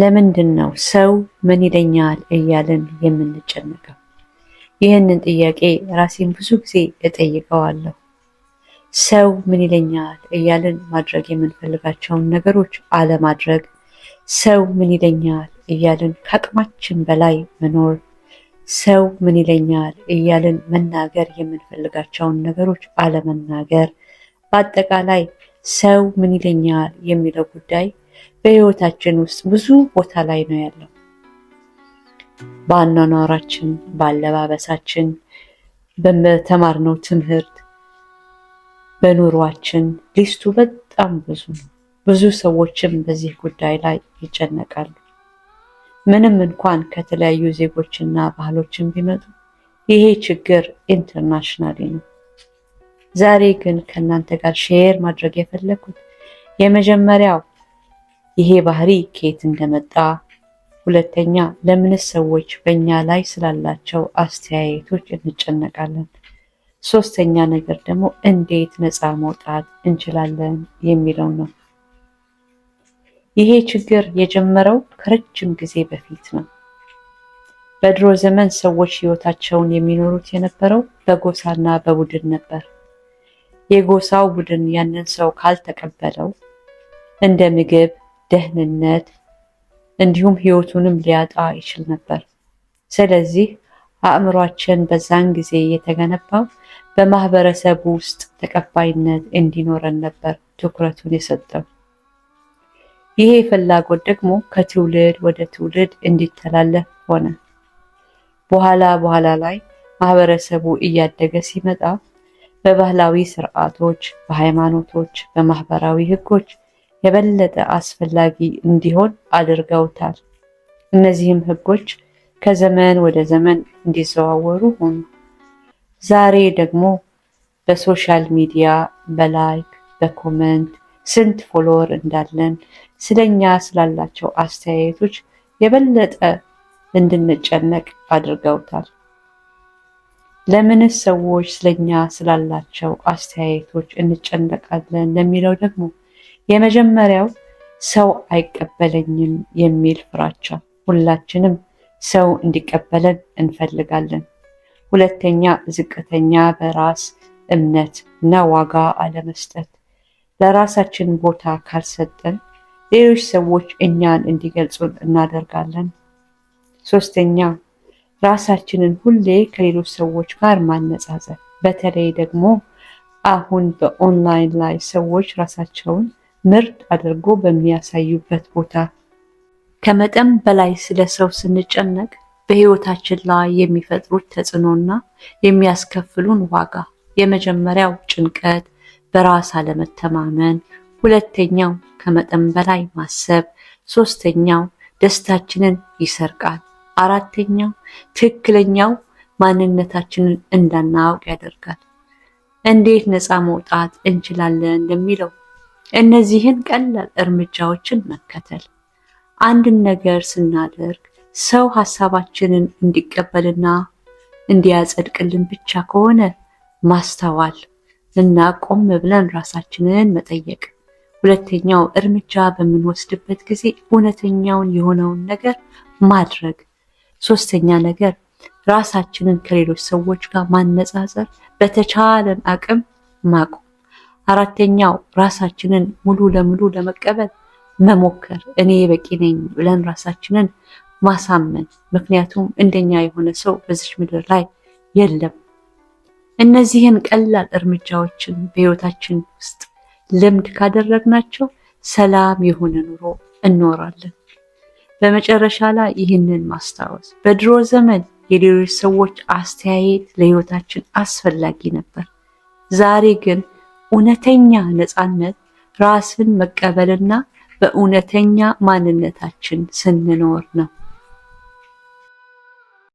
ለምንድን ነው ሰው ምን ይለኛል እያልን የምንጨነቀው? ይህንን ጥያቄ ራሴን ብዙ ጊዜ እጠይቀዋለሁ። ሰው ምን ይለኛል እያልን ማድረግ የምንፈልጋቸውን ነገሮች አለማድረግ፣ ሰው ምን ይለኛል እያልን ከአቅማችን በላይ መኖር፣ ሰው ምን ይለኛል እያልን መናገር የምንፈልጋቸውን ነገሮች አለመናገር፣ በአጠቃላይ ሰው ምን ይለኛል የሚለው ጉዳይ በህይወታችን ውስጥ ብዙ ቦታ ላይ ነው ያለው። በአኗኗራችን፣ በአለባበሳችን፣ በተማርነው ትምህርት፣ በኑሯችን ሊስቱ በጣም ብዙ ነው። ብዙ ሰዎችም በዚህ ጉዳይ ላይ ይጨነቃሉ። ምንም እንኳን ከተለያዩ ዜጎችና ባህሎችን ቢመጡ ይሄ ችግር ኢንተርናሽናሊ ነው። ዛሬ ግን ከእናንተ ጋር ሼር ማድረግ የፈለግኩት የመጀመሪያው ይሄ ባህሪ ከየት እንደመጣ፣ ሁለተኛ ለምንስ ሰዎች በእኛ ላይ ስላላቸው አስተያየቶች እንጨነቃለን፣ ሶስተኛ ነገር ደግሞ እንዴት ነፃ መውጣት እንችላለን የሚለው ነው። ይሄ ችግር የጀመረው ከረጅም ጊዜ በፊት ነው። በድሮ ዘመን ሰዎች ህይወታቸውን የሚኖሩት የነበረው በጎሳና በቡድን ነበር። የጎሳው ቡድን ያንን ሰው ካልተቀበለው እንደ ምግብ ደህንነት እንዲሁም ህይወቱንም ሊያጣ ይችል ነበር። ስለዚህ አእምሯችን በዛን ጊዜ የተገነባው በማህበረሰቡ ውስጥ ተቀባይነት እንዲኖረን ነበር ትኩረቱን የሰጠው። ይሄ ፍላጎት ደግሞ ከትውልድ ወደ ትውልድ እንዲተላለፍ ሆነ። በኋላ በኋላ ላይ ማህበረሰቡ እያደገ ሲመጣ በባህላዊ ስርዓቶች፣ በሃይማኖቶች፣ በማህበራዊ ህጎች የበለጠ አስፈላጊ እንዲሆን አድርገውታል። እነዚህም ህጎች ከዘመን ወደ ዘመን እንዲዘዋወሩ ሆኑ። ዛሬ ደግሞ በሶሻል ሚዲያ በላይክ በኮመንት ስንት ፎሎወር እንዳለን ስለኛ ስላላቸው አስተያየቶች የበለጠ እንድንጨነቅ አድርገውታል። ለምንስ ሰዎች ስለኛ ስላላቸው አስተያየቶች እንጨነቃለን ለሚለው ደግሞ የመጀመሪያው ሰው አይቀበለኝም የሚል ፍራቻ። ሁላችንም ሰው እንዲቀበለን እንፈልጋለን። ሁለተኛ፣ ዝቅተኛ በራስ እምነት እና ዋጋ አለመስጠት። ለራሳችን ቦታ ካልሰጠን ሌሎች ሰዎች እኛን እንዲገልጹን እናደርጋለን። ሶስተኛ፣ ራሳችንን ሁሌ ከሌሎች ሰዎች ጋር ማነጻጸር፣ በተለይ ደግሞ አሁን በኦንላይን ላይ ሰዎች ራሳቸውን ምርጥ አድርጎ በሚያሳዩበት ቦታ ከመጠን በላይ ስለ ሰው ስንጨነቅ በህይወታችን ላይ የሚፈጥሩት ተጽዕኖና የሚያስከፍሉን ዋጋ የመጀመሪያው ጭንቀት፣ በራስ አለመተማመን፣ ሁለተኛው ከመጠን በላይ ማሰብ፣ ሶስተኛው ደስታችንን ይሰርቃል፣ አራተኛው ትክክለኛው ማንነታችንን እንዳናውቅ ያደርጋል። እንዴት ነፃ መውጣት እንችላለን ለሚለው እነዚህን ቀላል እርምጃዎችን መከተል አንድን ነገር ስናደርግ ሰው ሀሳባችንን እንዲቀበልና እንዲያጸድቅልን ብቻ ከሆነ ማስተዋል እና ቆም ብለን ራሳችንን መጠየቅ። ሁለተኛው እርምጃ በምንወስድበት ጊዜ እውነተኛውን የሆነውን ነገር ማድረግ። ሶስተኛ ነገር ራሳችንን ከሌሎች ሰዎች ጋር ማነጻጸር፣ በተቻለን አቅም ማቆም አራተኛው ራሳችንን ሙሉ ለሙሉ ለመቀበል መሞከር፣ እኔ በቂ ነኝ ብለን ራሳችንን ማሳመን። ምክንያቱም እንደኛ የሆነ ሰው በዚች ምድር ላይ የለም። እነዚህን ቀላል እርምጃዎችን በህይወታችን ውስጥ ልምድ ካደረግናቸው ሰላም የሆነ ኑሮ እኖራለን። በመጨረሻ ላይ ይህንን ማስታወስ በድሮ ዘመን የሌሎች ሰዎች አስተያየት ለህይወታችን አስፈላጊ ነበር። ዛሬ ግን እውነተኛ ነፃነት ራስን መቀበልና በእውነተኛ ማንነታችን ስንኖር ነው።